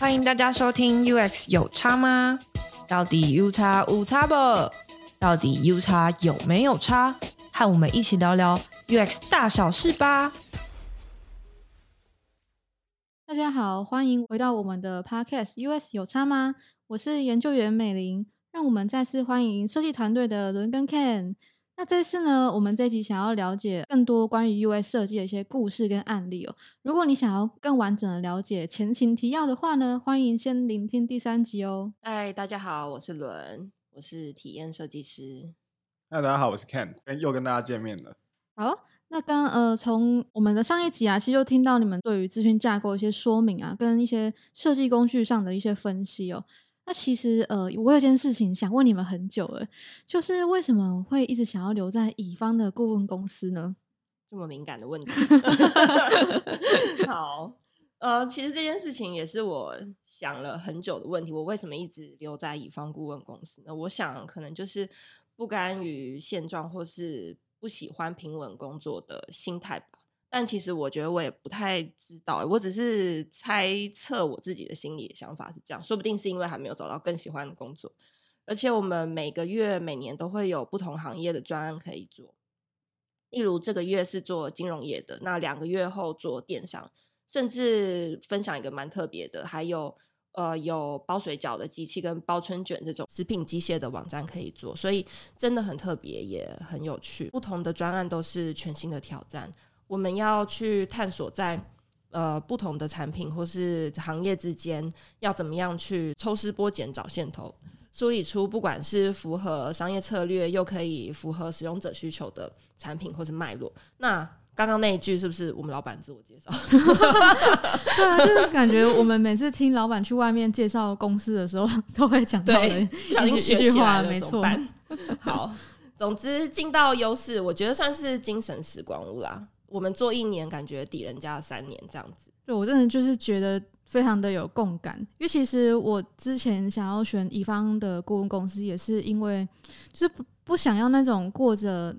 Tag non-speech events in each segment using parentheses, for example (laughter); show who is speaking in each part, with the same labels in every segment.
Speaker 1: 歡迎大家收聽 UX 有差嗎？到底 UX 有差無差不？到底 UX 有有沒有差？和我們一起聊聊 UX 大小事吧。
Speaker 2: 大家好，歡迎回到我們的 Podcast UX 有差嗎？我是研究員美伶，讓我們再次歡迎設計團隊的倫跟 Ken。那這次呢，我們這一集想要了解更多關於 UX 設計的一些故事跟案例哦。如果你想要更完整的了解前情提要的話呢，歡迎先聆聽第三集哦。嗨，大家好，我是倫，
Speaker 1: 我是體驗設計師。嗨，大家好，我是 Ken，又跟大家見面了。
Speaker 2: 好、哦，那剛呃，從我們的上一集啊，其實就聽到你們對於資訊架構一些說明啊，跟一些設計工具上的一些分析哦。那其實，呃，我有件事情想問你們很久了，就是為什麼會一直想要留在乙方的顧問公司呢？
Speaker 1: 這麼敏感的問題。 (laughs) (laughs) 好，呃，其實這件事情也是我想了很久的問題。我為什麼一直留在乙方顧問公司呢？我想，可能就是不甘於現狀，或是不喜歡平穩工作的心態吧。但其實我覺得我也不太知道，我只是猜測我自己的心裡的想法是這樣。說不定是因為還沒有找到更喜歡的工作，而且我們每個月每年都會有不同行業的專案可以做。例如這個月是做金融業的，那兩個月後做電商，甚至分享一個蠻特別的，還有呃有包水餃的機器跟包春卷這種食品機械的網站可以做，所以真的很特別，也很有趣。不同的專案都是全新的挑戰。我們要去探索在呃不同的產品或是行業之間，要怎麼樣去抽絲剝繭找線頭，梳理出不管是符合商業策略又可以符合使用者需求的產品或是脈絡。那剛剛那一句是不是我們老闆自我介紹？
Speaker 2: (laughs) 對啊，就是感覺我們每次聽老闆去外面介紹公司的時候，都會講到的一句話 (laughs) 沒錯。好，
Speaker 1: 總之進到悠識，我覺得算是精神時光屋啦。我們做一年，感覺抵人家三年這樣子。
Speaker 2: 對，我真的就是覺得非常的有共感，因為其實我之前想要選乙方的顧問公司，也是因為就是不不想要那種過着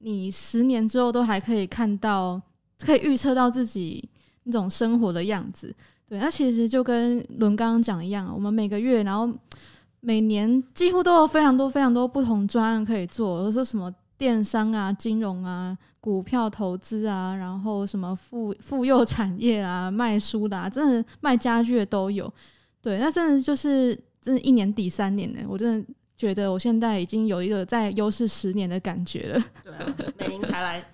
Speaker 2: 你十年之後都還可以看到，可以預測到自己那種生活的樣子。對，那其實就跟倫剛剛講一樣，我們每個月，然後每年幾乎都有非常多非常多不同專案可以做，比如說什麼電商啊、金融啊。股票投資啊，然後什麼婦婦幼產業啊，賣書的，啊，真的賣家具的都有，對，那真的就是真的一年抵三年呢。我真的覺得我現在已經有一個在悠識十年的感覺了。
Speaker 1: 對、啊，美伶才來。 (laughs)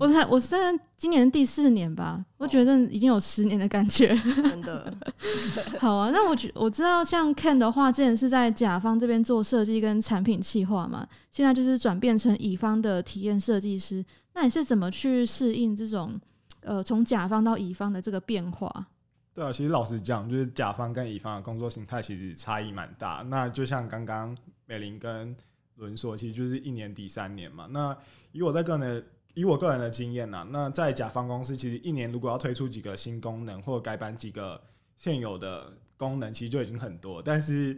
Speaker 2: 我看我雖然今年第四年吧，oh. 我覺得已經有十年的感覺。真的 (laughs) 好啊！那我覺我知道，像 Ken 的話，之前是在甲方這邊做設計跟產品企劃嘛，現在就是轉變成乙方的體驗設計師。那你是怎麼去適應這種呃，從甲方到乙方的這個變化？
Speaker 3: 對啊，其實老實講，就是甲方跟乙方的工作形態其實差異蠻大。那就像剛剛美伶跟倫說，其實就是一年抵三年嘛。那以我在個人的。以我個人的經驗啊，那在甲方公司，其實一年如果要推出幾個新功能或改版幾個現有的功能，其實就已經很多。但是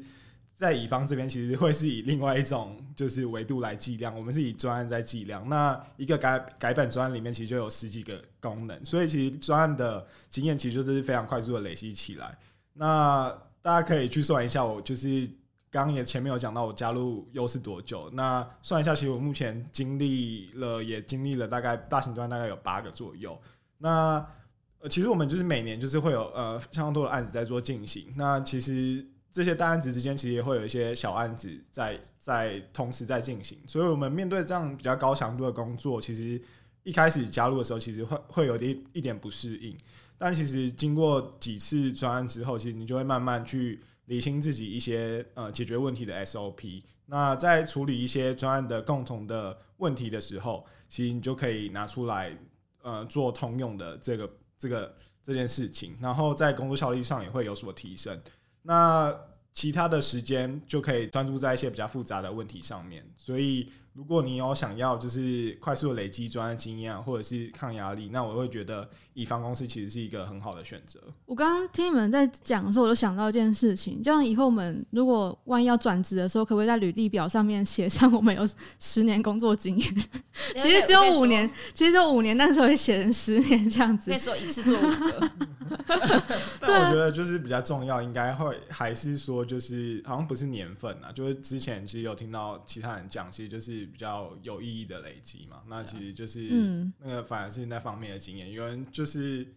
Speaker 3: 在乙方這邊，其實會是以另外一種就是維度來計量，我們是以專案在計量。那一個改改版專案裡面，其實就有十幾個功能，所以其實專案的經驗其實就是非常快速的累積起來。那大家可以去算一下，我就是。剛剛也前面有講到，我加入悠識多久？那算一下，其實我目前經歷了，也經歷了大概大型專案大概有八個左右。那呃，其實我們就是每年就是會有呃相當多的案子在做進行。那其實這些大案子之間，其實也會有一些小案子在在同時在進行。所以我們面對這樣比較高強度的工作，其實一開始加入的時候，其實會會有一點一點不適應。但其實經過幾次專案之後，其實你就會慢慢去。理清自己一些呃解決問題的 SOP，那在處理一些專案的共同的問題的時候，其實你就可以拿出來呃做通用的這個這個這件事情，然後在工作效率上也會有所提升。那其他的時間就可以專注在一些比較複雜的問題上面，所以。如果你有想要就是快速的累積專業的經驗，或者是抗壓力，那我會覺得乙方公司其實是一個很好的選擇。
Speaker 2: 我剛剛聽你們在講的時候，我都想到一件事情，就像以後我們如果萬一要轉職的時候，可不可以在履歷表上面寫上我們有十年工作經驗？ (laughs) 其實只有五年，其實只有五年，但是會寫成十年這樣子。所以說一
Speaker 3: 次做五個。 (laughs) (laughs) 但我覺得就是比較重要，應該會還是說就是好像不是年份啊，就是之前其實有聽到其他人講，其實就是。比較有意義的累積嘛，那其實就是那個反而是那方面的經驗。有人、嗯、就是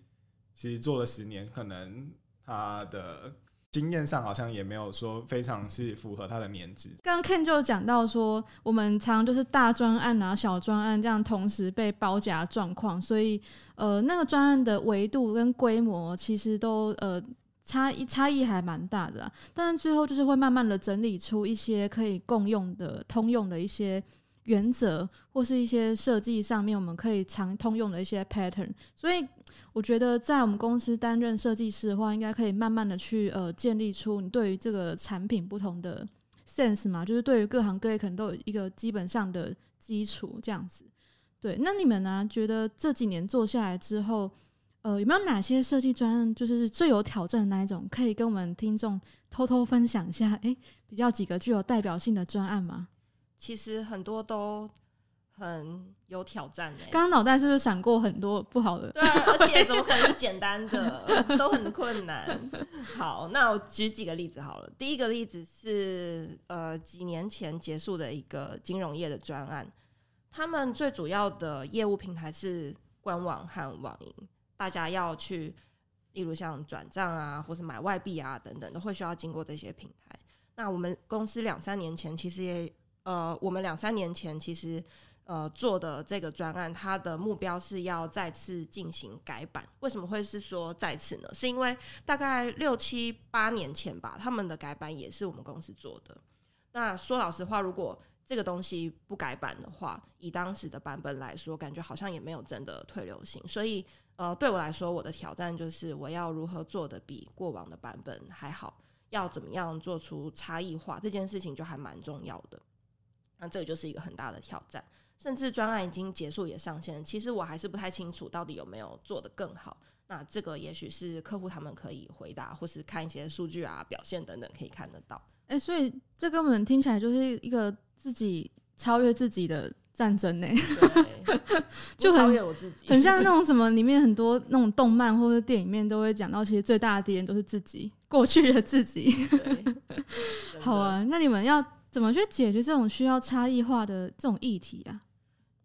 Speaker 3: 其實做了十年，可能他的經驗上好像也沒有說非常是符合他的年紀。剛
Speaker 2: 剛 Ken 就講到說，我們常常就是大專案拿小專案這樣同時被包夾狀況，所以呃，那個專案的維度跟規模其實都呃。差異差異還蠻大的啊，但是最後就是會慢慢的整理出一些可以共用的、通用的一些原則，或是一些設計上面我們可以常通用的一些 pattern。所以我覺得，在我們公司擔任設計師的話，應該可以慢慢的去呃建立出你對於這個產品不同的 sense 嘛，就是對於各行各業可能都有一個基本上的基礎這樣子。對，那你們呢啊？覺得這幾年做下來之後？呃，有沒有哪些設計專案就是最有挑戰的那一種，可以跟我們聽眾偷偷分享一下？欸，比較幾個具有代表性的專案嗎？
Speaker 1: 其實很多都很
Speaker 2: 有挑戰
Speaker 1: 欸。剛剛腦袋
Speaker 2: 是不是閃過很多不好的？對
Speaker 1: 啊，而且怎麼可能是簡單的？ (laughs) 都很困難。好，那我舉幾個例子好了。第一個例子是呃幾年前結束的一個金融業的專案，他們最主要的業務平台是官網和網銀。大家要去，例如像轉賬啊，或是買外幣啊等等，都會需要經過這些平台。那我們公司兩三年前其實也，呃，我們兩三年前其實呃做的這個專案，它的目標是要再次進行改版。為什麼會是說再次呢？是因為大概六七八年前吧，他們的改版也是我們公司做的。那說老實話，如果這個東西不改版的話，以當時的版本來說，感覺好像也沒有真的退流行，所以呃，對我來說，我的挑戰就是我要如何做得比過往的版本還好，要怎麼樣做出差異化，這件事情就還蠻重要的。那這個就是一個很大的挑戰，甚至專案已經結束也上線，其實我還是不太清楚到底有沒有做得更好。那這個也許是客戶他們可以回答，或是看一些數據啊、表現等等可以看得到。
Speaker 2: 哎，所以這根本聽起來就是一個自己超越自己的戰爭呢、欸，就超越我自己 (laughs) 很， (laughs) 很像那種什麼，裡面很多那種動漫或者電影裡面都會講到，其實最大的敵人都是自己過去的自己。 (laughs) 好啊，那你們要怎麼去解決這種需要差異化的這種議題啊？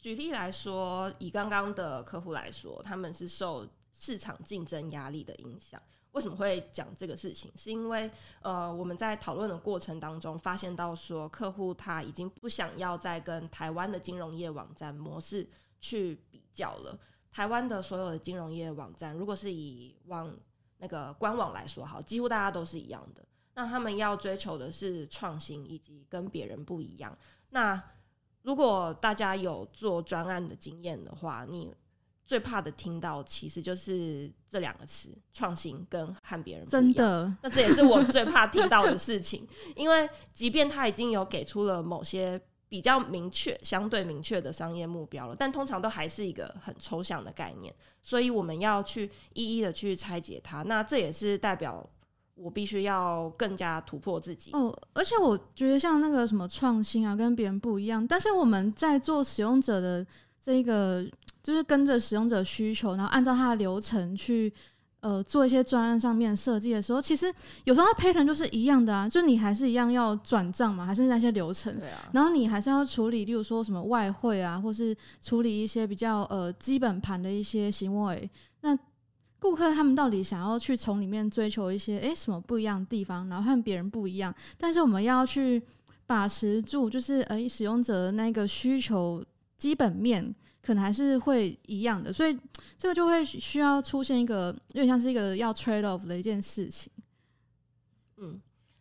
Speaker 1: 舉例來說，以剛剛的客戶來說，他們是受市場競爭壓力的影響。為什麼會講這個事情？是因為，呃，我們在討論的過程當中發現到，說客戶他已經不想要再跟台灣的金融業網站模式去比較了。台灣的所有的金融業網站，如果是以往那個官網來說，好，幾乎大家都是一樣的。那他們要追求的是創新以及跟別人不一樣。那如果大家有做專案的經驗的話，你。最怕的聽到，其實就是這兩個詞“創新”跟“和別人不一樣”。真的，那這也是我最怕聽到的事情， (laughs) 因為即便他已經有給出了某些比較明確、相對明確的商業目標了，但通常都還是一個很抽象的概念，所以我們要去一一的去拆解它。那這也是代表我必須要更加突破自己。哦，
Speaker 2: 而且我覺得像那個什麼創新啊，跟別人不一樣，但是我們在做使用者的這一個。就是跟着使用者需求，然後按照他的流程去，呃，做一些專案上面設計的時候，其實有時候它 pattern 就是一樣的啊，就你還是一樣要轉賬嘛，還是那些流程。對啊。然後你還是要處理，例如說什麼外匯啊，或是處理一些比較呃基本盤的一些行為。那顧客他們到底想要去從裡面追求一些哎什麼不一樣的地方，然後和別人不一樣，但是我們要去把持住，就是哎使用者的那個需求基本面，可能還是會一樣的，所以這個就會需要出現一個有點像是一個要 trade off 的一件事情。嗯，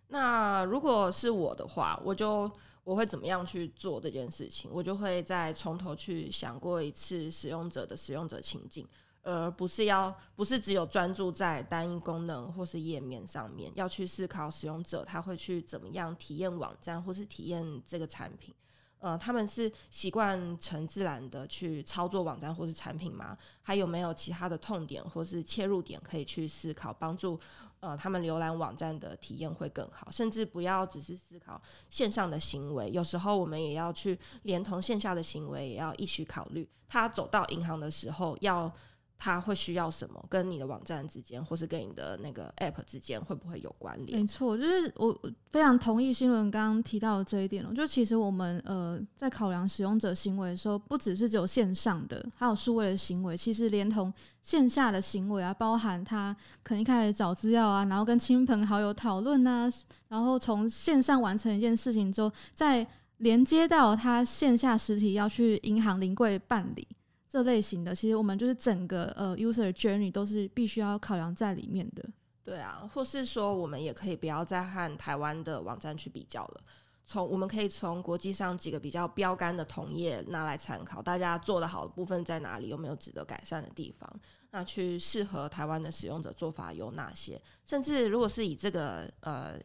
Speaker 1: 那如果是我的話，我就我會怎麼樣去做這件事情？我就會再從頭去想過一次使用者的使用者情境，而不是要不是只有專注在單一功能或是頁面上面，要去思考使用者他會去怎麼樣體驗網站或是體驗這個產品。呃，他們是習慣成自然的去操作網站或是產品嗎？還有沒有其他的痛點或是切入點可以去思考，幫助呃他們瀏覽網站的體驗會更好？甚至不要只是思考線上的行為，有時候我們也要去連同線下的行為也要一起考慮。他走到銀行的時候要。他會需要什麼？跟你的網站之間，或是跟你的那個 app 之間，會不會有關
Speaker 2: 聯？沒錯，就是我非常同意欣倫剛提到的這一點了、喔。就其實我們呃，在考量使用者行為的時候，不只是只有線上的，還有數位的行為。其實連同線下的行為啊，包含他可能一開始找資料啊，然後跟親朋好友討論啊，然後從線上完成一件事情之後，再連接到他線下實體要去銀行臨櫃辦理。這類型的，其實我們就是整個呃，user journey 都是必須要考量在裡面的。
Speaker 1: 對啊，或是說我們也可以不要再和台灣的網站去比較了。從我們可以從國際上幾個比較標杆的同業拿來參考，大家做得好的部分在哪裡，有沒有值得改善的地方？那去適合台灣的使用者做法有哪些？甚至如果是以這個呃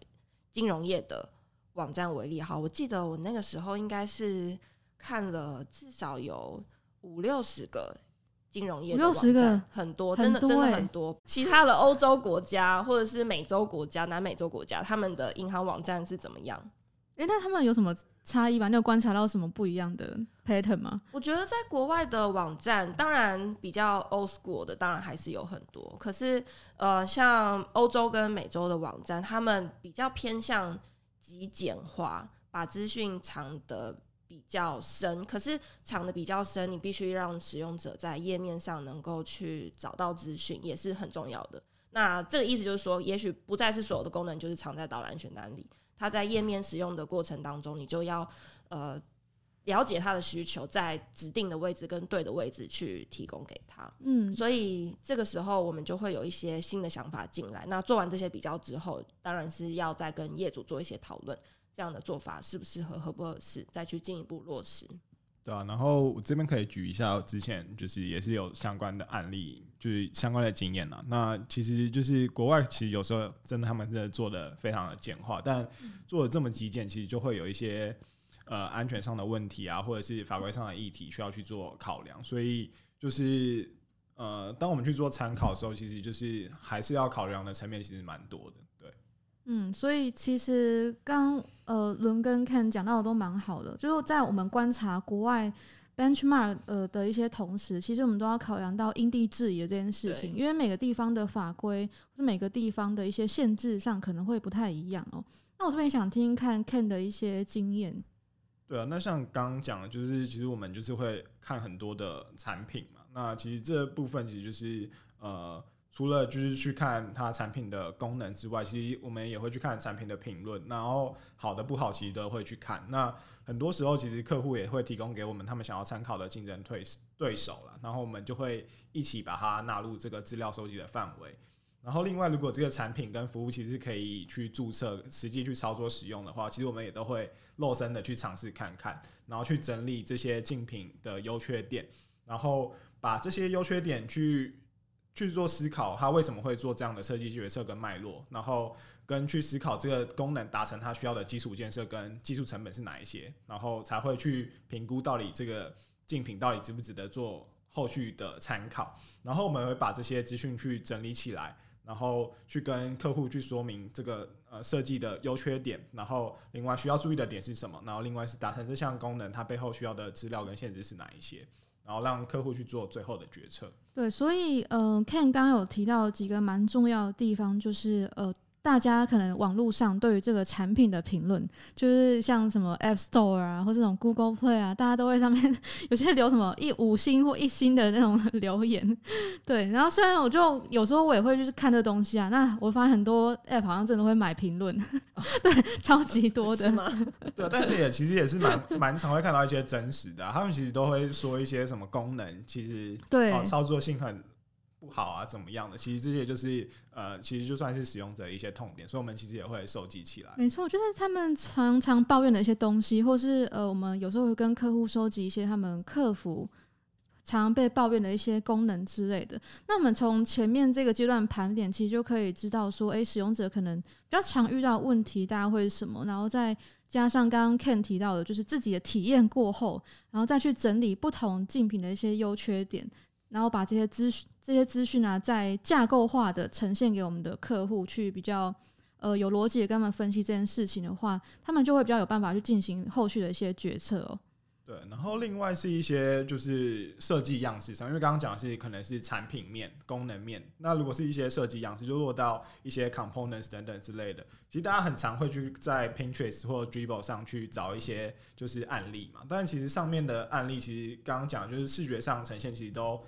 Speaker 1: 金融業的網站為例，哈，我記得我那個時候應該是看了至少有。五六十個金融業的網站，六十個？很多，真的、欸、真的很多。其他的歐洲國家或者是美洲國家、南美洲國家，他們的銀行網站是怎麼樣？
Speaker 2: 哎、欸，那他們有什麼差異嗎？你有觀察到什麼不一樣的 pattern 嗎？
Speaker 1: 我覺得在國外的網站，當然比較 old school 的，當然還是有很多。可是，呃，像歐洲跟美洲的網站，他們比較偏向極簡化，把資訊藏得比較深，可是藏得比較深，你必須讓使用者在頁面上能夠去找到資訊，也是很重要的。那這個意思就是說，也許不再是所有的功能就是藏在導覽選單裡，他在頁面使用的過程當中，你就要呃了解他的需求，在指定的位置跟對的位置去提供給他。嗯，所以這個時候我們就會有一些新的想法進來。那做完這些比較之後，當然是要再跟業主做一些討論。這樣的做法適不適合，合不合適，再去進一步落實。
Speaker 3: 對啊，然後我這邊可以舉一下，之前就是也是有相關的案例，就是相關的經驗啦。那其實就是國外，其實有時候真的他們真的做的非常的簡化，但做的這麼極簡，其實就會有一些呃安全上的問題啊，或者是法規上的議題需要去做考量。所以就是呃，當我們去做參考的時候，其實就是還是要考量的層面其實蠻多的。
Speaker 2: 嗯，所以其實剛呃，倫跟 Ken 講到的都蠻好的，就是在我們觀察國外 benchmark 呃的一些同時，其實我們都要考量到因地制宜的這件事情，對因為每個地方的法規或者每個地方的一些限制上可能會不太一樣哦、喔。那我這邊想聽聽看 Ken 的一些經驗。
Speaker 3: 對啊，那像剛剛講的就是，其實我們就是會看很多的產品嘛。那其實這部分其實就是呃。除了就是去看它產品的功能之外，其實我們也會去看產品的評論，然後好的不好，其實都會去看。那很多時候，其實客戶也會提供給我們他們想要參考的競爭對對手了，然後我們就會一起把它納入這個資料收集的範圍。然後，另外如果這個產品跟服務其實是可以去註冊、實際去操作使用的話，其實我們也都會肉身的去嘗試看看，然後去整理這些競品的優缺點，然後把這些優缺點去。去做思考，他為什麼會做這樣的設計決策跟脈絡，然後跟去思考這個功能達成它需要的基礎建設跟技術成本是哪一些，然後才會去評估到底這個競品到底值不值得做後續的參考。然後我們會把這些資訊去整理起來，然後去跟客戶去說明這個呃設計的優缺點，然後另外需要注意的點是什麼，然後另外是達成這項功能它背後需要的資料跟限制是哪一些。然後讓客戶去做最後的決策。
Speaker 2: 對，所以，嗯、呃，Ken 剛剛有提到幾個蠻重要的地方，就是，呃。大家可能網絡上對於這個產品的評論，就是像什麼 App Store 啊，或這種 Google Play 啊，大家都會上面有些留什麼一五星或一星的那種留言，對。然後雖然我就有時候我也會就是看這東西啊，那我發現很多 App 好像真的會買評論，哦、 (laughs) 對，超級多的嗎。 (laughs)
Speaker 1: 對，但是
Speaker 3: 也其實也是蠻蠻常會看到一些真實的、啊，他們其實都會說一些什麼功能，其實對、哦，操作性很。不好啊，怎麼樣的？其實這些就是呃，其實就算是使用者的一些痛點，所以我們其實也會收集起來。沒
Speaker 2: 錯，就是他們常常抱怨的一些東西，或是呃，我們有時候會跟客戶收集一些他們客服常常被抱怨的一些功能之類的。那我們從前面這個階段盤點，其實就可以知道說，欸，使用者可能比較常遇到問題，大家會是什麼？然後再加上剛剛 Ken 提到的，就是自己的體驗過後，然後再去整理不同競品的一些優缺點，然後把這些資訊。這些資訊啊，在架構化的呈現給我們的客戶，去比較呃有邏輯的跟他們分析這件事情的話，他們就會比較有辦法去進行後續的一些決策哦。
Speaker 3: 對，然後另外是一些就是設計樣式上，因為剛剛講的是可能是產品面、功能面，那如果是一些設計樣式，就落到一些 components 等等之類的。其實大家很常會去在 Pinterest 或者 Dribbble 上去找一些就是案例嘛，但其實上面的案例，其實剛剛講就是視覺上呈現，其實都。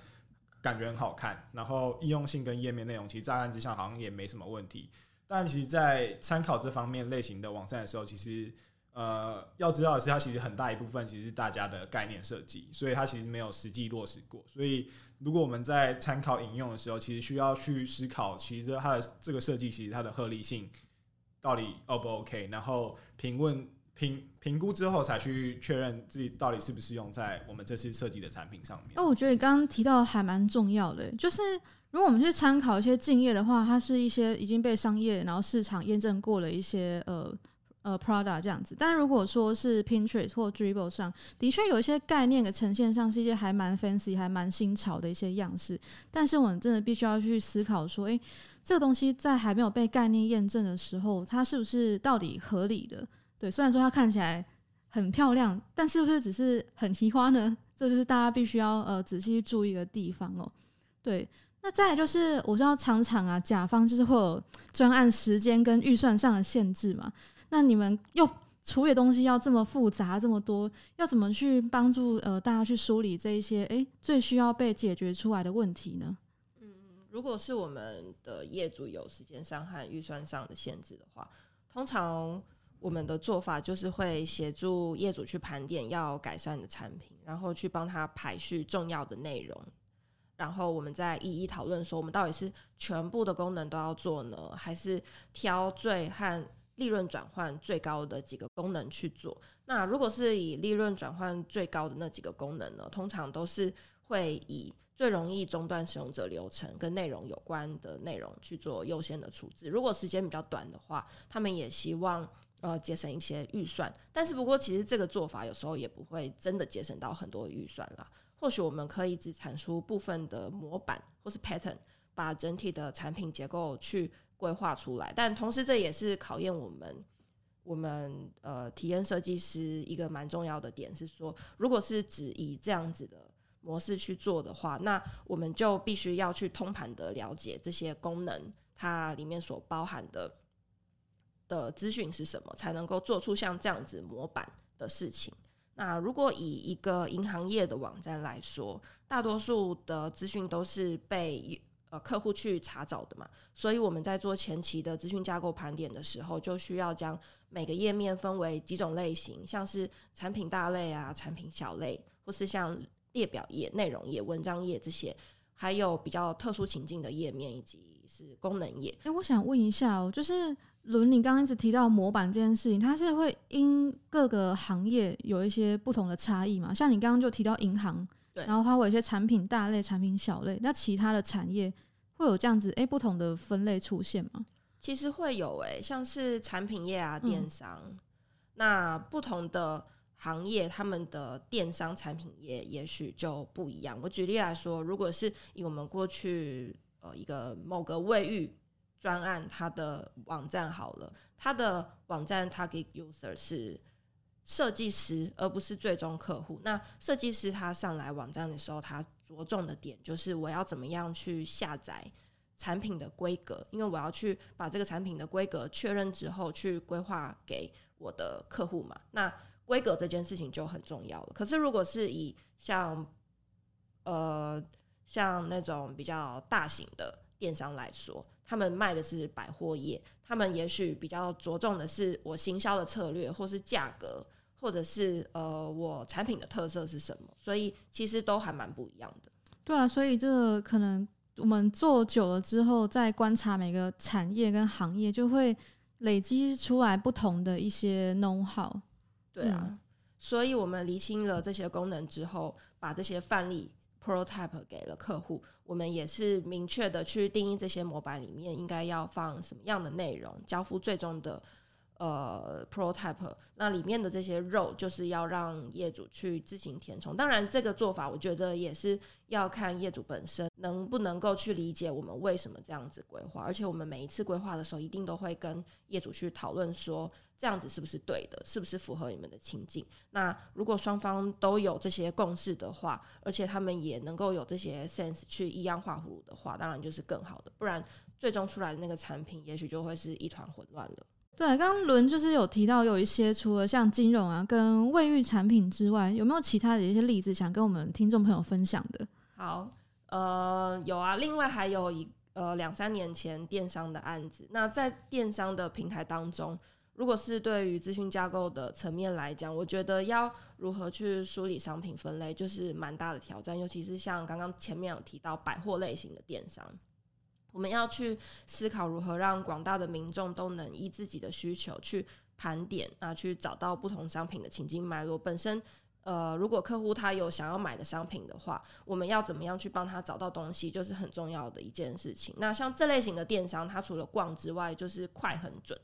Speaker 3: 感覺很好看，然後應用性跟頁面內容，其實乍看之下好像也沒什麼問題。但其實，在參考這方面類型的網站的時候，其實呃，要知道的是，它其實很大一部分其實是大家的概念設計，所以它其實沒有實際落實過。所以，如果我們在參考引用的時候，其實需要去思考，其實它的這個設計，其實它的合理性到底 O 不 OK？然後評論。評評估之後才去確認自己到底是不是用在我們這次設計的產品
Speaker 2: 上面。哦，我覺得你剛剛提到還蠻重要的，就是如果我們去參考一些競業的話，它是一些已經被商業然後市場驗證過的一些呃呃 product 這樣子。但如果說是 Pinterest 或 Dribbble 上的確有一些概念的呈現上是一些還蠻 fancy 還蠻新潮的一些樣式，但是我們真的必須要去思考說，誒，這個東西在還沒有被概念驗證的時候，它是不是到底合理的？對，雖然說它看起來很漂亮，但是不是只是很提花呢？這就是大家必須要呃仔細注意的地方哦。對，那再就是我知道常常啊，甲方就是會有專案時間跟預算上的限制嘛。那你們又處理東西要這麼複雜這麼多，要怎麼去幫助呃大家去梳理這一些哎最需要被解決出來的問題呢？嗯，
Speaker 1: 如果是我們的業主有時間上和預算上的限制的話，通常。我們的做法就是會協助業主去盤點要改善的產品，然後去幫他排序重要的內容，然後我們再一一討論說，我們到底是全部的功能都要做呢，還是挑最和利潤轉換最高的幾個功能去做？那如果是以利潤轉換最高的那幾個功能呢，通常都是會以最容易中斷使用者流程跟內容有關的內容去做優先的處置。如果時間比較短的話，他們也希望。呃，節省一些預算，但是不過其實這個做法有時候也不會真的節省到很多預算啦。或許我們可以只產出部分的模板或是 pattern，把整體的產品結構去規劃出來。但同時，這也是考驗我們我們呃體驗設計師一個蠻重要的點，是說，如果是只以這樣子的模式去做的話，那我們就必須要去通盤的了解這些功能它裡面所包含的。的資訊是什麼，才能夠做出像這樣子模板的事情。那如果以一個銀行業的網站來說，大多數的資訊都是被呃客戶去查找的嘛，所以我們在做前期的資訊架構盤點的時候，就需要將每個頁面分為幾種類型，像是產品大類啊、產品小類，或是像列表頁、內容頁、文章頁這些，還有比較特殊情境的頁面，以及是功
Speaker 2: 能頁。誒，我想問一下哦，就是。倫，你剛剛一直提到模板這件事情，它是會因各個行業有一些不同的差異嘛？像你剛剛就提到銀行，對，然後它會有一些產品大類、產品小類，那其他的產業會有這樣子誒，不同的分類出現嗎？
Speaker 1: 其實會有誒、欸，像是產品業啊、電商，嗯、那不同的行業他們的電商產品業也，也許就不一樣。我舉例來說，如果是以我們過去呃一個某個衛浴專案他的網站好了，他的網站 Target User 是設計師，而不是最終客戶。那設計師他上來網站的時候，他着重的點就是我要怎麼樣去下載產品的規格，因為我要去把這個產品的規格確認之後去規劃給我的客戶嘛。那規格這件事情就很重要了。可是如果是以像呃像那種比較大型的電商來說，他們賣的是百貨業，他們也許比較着重的是我行銷的策略，或是價格，或者是呃我產品的特色是什麼，所以其實都還蠻不一樣的。
Speaker 2: 對啊，所以這個可能我們做久了之後，再觀察每個產業跟行業，就會累積出來不同的一些 know how。對啊，嗯，
Speaker 1: 所以我們釐清了這些功能之後，把這些範例 Prototype 給了客戶，我們也是明確的去定義這些模板裡面應該要放什麼樣的內容，交付最終的呃 Prototype。Prototype, 那裡面的這些肉就是要讓業主去自行填充。當然，這個做法我覺得也是要看業主本身能不能夠去理解我們為什麼這樣子規劃，而且我們每一次規劃的時候一定都會跟業主去討論說。這樣子是不是對的？是不是符合你們的情境？那如果雙方都有這些共識的話，而且他們也能夠有這些 sense 去依樣畫葫蘆的話，當然就是更好的。不然，最終出來的那個產品，也許就會是一團混亂了。
Speaker 2: 對，剛剛倫就是有提到有一些，除了像金融啊、跟衛浴產品之外，有沒有其他的一些例子想跟我們聽眾朋友分享的？
Speaker 1: 好，呃，有啊。另外還有一呃兩三年前電商的案子，那在電商的平台當中。如果是對於資訊架構的層面來講，我覺得要如何去梳理商品分類，就是蠻大的挑戰。尤其是像剛剛前面有提到百貨類型的電商，我們要去思考如何讓廣大的民眾都能依自己的需求去盤點啊，去找到不同商品的情境脈絡。本身，呃，如果客戶他有想要買的商品的話，我們要怎麼樣去幫他找到東西，就是很重要的一件事情。那像這類型的電商，它除了逛之外，就是快狠準。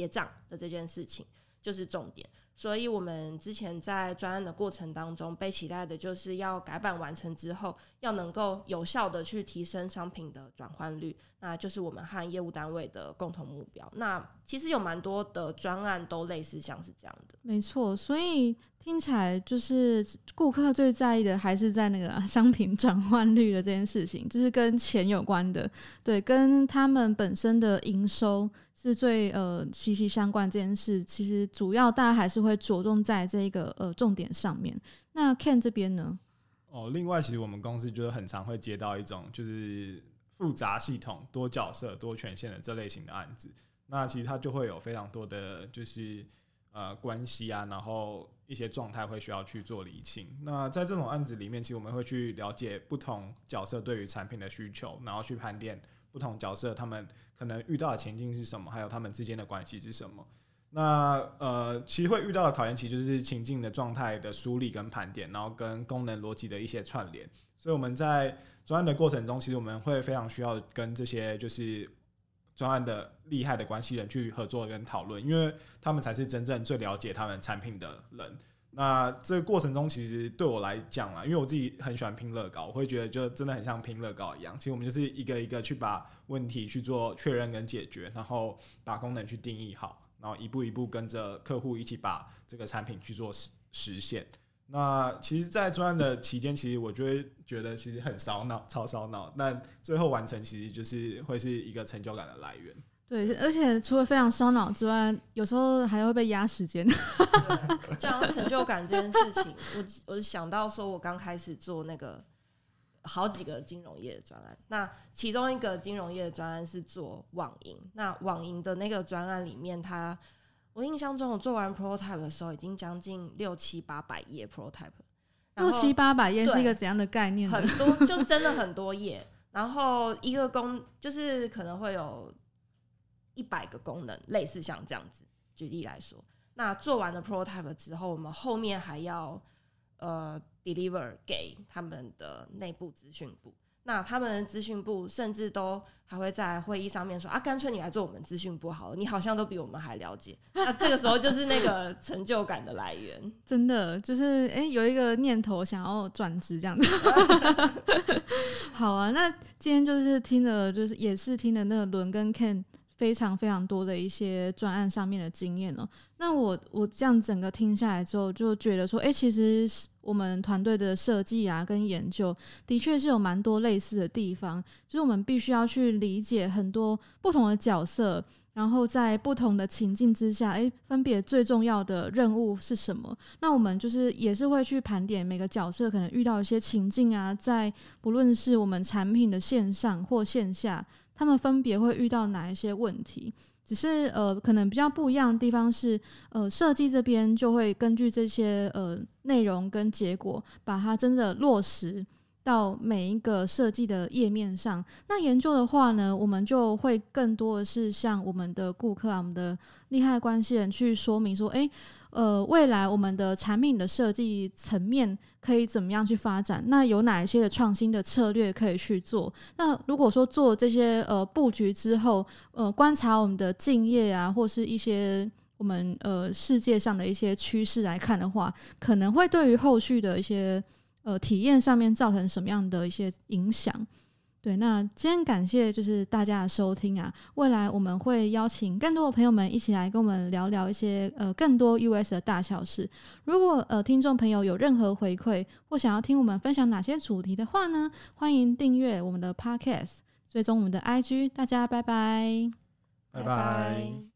Speaker 1: 結賬的這件事情就是重點，所以我們之前在專案的過程當中被期待的就是要改版完成之後，要能夠有效的去提升商品的轉換率，那就是我們和業務單位的共同目標。那其實有蠻多的專案都類似，像是這樣的，
Speaker 2: 沒錯。所以聽起來就是顧客最在意的還是在那個、啊、商品轉換率的這件事情，就是跟錢有關的，對，跟他們本身的營收是最呃息息相關的這件事。其實主要大家還是會着重在這一個呃重點上面。那 Ken 這邊呢？
Speaker 3: 哦，另外，其實我們公司就是很常會接到一種就是複雜系統、多角色、多權限的這類型的案子。那其實它就會有非常多的，就是呃關係啊，然後一些狀態會需要去做釐清。那在這種案子裡面，其實我們會去了解不同角色對於產品的需求，然後去盤點不同角色他們可能遇到的情境是什麼，還有他們之間的關係是什麼。那呃，其實會遇到的考驗，其實就是情境的狀態的梳理跟盤點，然後跟功能邏輯的一些串聯。所以我們在專案的過程中，其實我們會非常需要跟這些就是專案的厲害的關係人去合作跟討論，因為他們才是真正最了解他們產品的人。那這個過程中，其實對我來講啊，因為我自己很喜歡拼樂高，我會覺得就真的很像拼樂高一樣。其實我們就是一個一個去把問題去做確認跟解決，然後把功能去定義好，然後一步一步跟着客戶一起把這個產品去做實實現。那其實，在專案的期間，其實我就會覺得其實很燒腦，超燒腦。那最後完成，其實就是會是一個成就感
Speaker 1: 的來源。
Speaker 2: 對，而且除了非常燒腦之外，有時候還會被壓時間
Speaker 1: 對。講 (laughs) 成就感這件事情，我我想到說我剛開始做那個好幾個金融業的專案，那其中一個金融業的專案是做網銀，那網銀的那個專案裡面，它。我印象中，我做完 prototype 的時候，已經將近六七八百頁 prototype。六七八百頁是一個
Speaker 2: 怎樣的概念？很
Speaker 1: 多，就真的很多頁。然後一個功就是可能會有，一百個功能，類似像這樣子舉例來說。那做完了 prototype 之後，我們後面還要呃 deliver 給他們的內部資訊部。那他們的資訊部甚至都還會在會議上面說啊，乾脆你來做我們資訊部好了，你好像都比我們還了解。 (laughs) 那這個時候就是那個成就感的來源，
Speaker 2: (laughs) 真的就是哎、欸，有一個念頭想要轉職這樣子。 (laughs) 好啊，那今天就是聽的，就是也是聽的那個倫跟 Ken，非常非常多的一些專案上面的經驗哦。那我我這樣整個聽下來之後，就覺得說，誒,其實我們團隊的設計啊，跟研究的確是有蠻多類似的地方。就是我們必須要去理解很多不同的角色，然後在不同的情境之下，誒，分別最重要的任務是什麼？那我們就是也是會去盤點每個角色可能遇到一些情境啊，在不論是我們產品的線上或線下。他們分別會遇到哪一些問題？只是呃，可能比較不一樣的地方是，呃，設計這邊就會根據這些呃內容跟結果，把它真的落實到每一個設計的頁面上，那研究的話呢，我們就會更多的是向我們的顧客啊、我們的利害的關係人去說明說，哎，呃，未來我們的產品的設計層面可以怎麼樣去發展？那有哪一些的創新的策略可以去做？那如果說做這些呃布局之後，呃，觀察我們的競業啊，或是一些我們呃世界上的一些趨勢來看的話，可能會對於後續的一些呃，體驗上面造成什麼樣的一些影響？對，那今天感謝就是大家的收聽啊！未來我們會邀請更多的朋友們一起來跟我們聊聊一些呃更多 UX 的大小事。如果呃聽眾朋友有任何回饋或想要聽我們分享哪些主題的話呢，歡迎訂閱我們的 Podcast，追蹤我們的 IG。大家拜拜，
Speaker 3: 拜拜。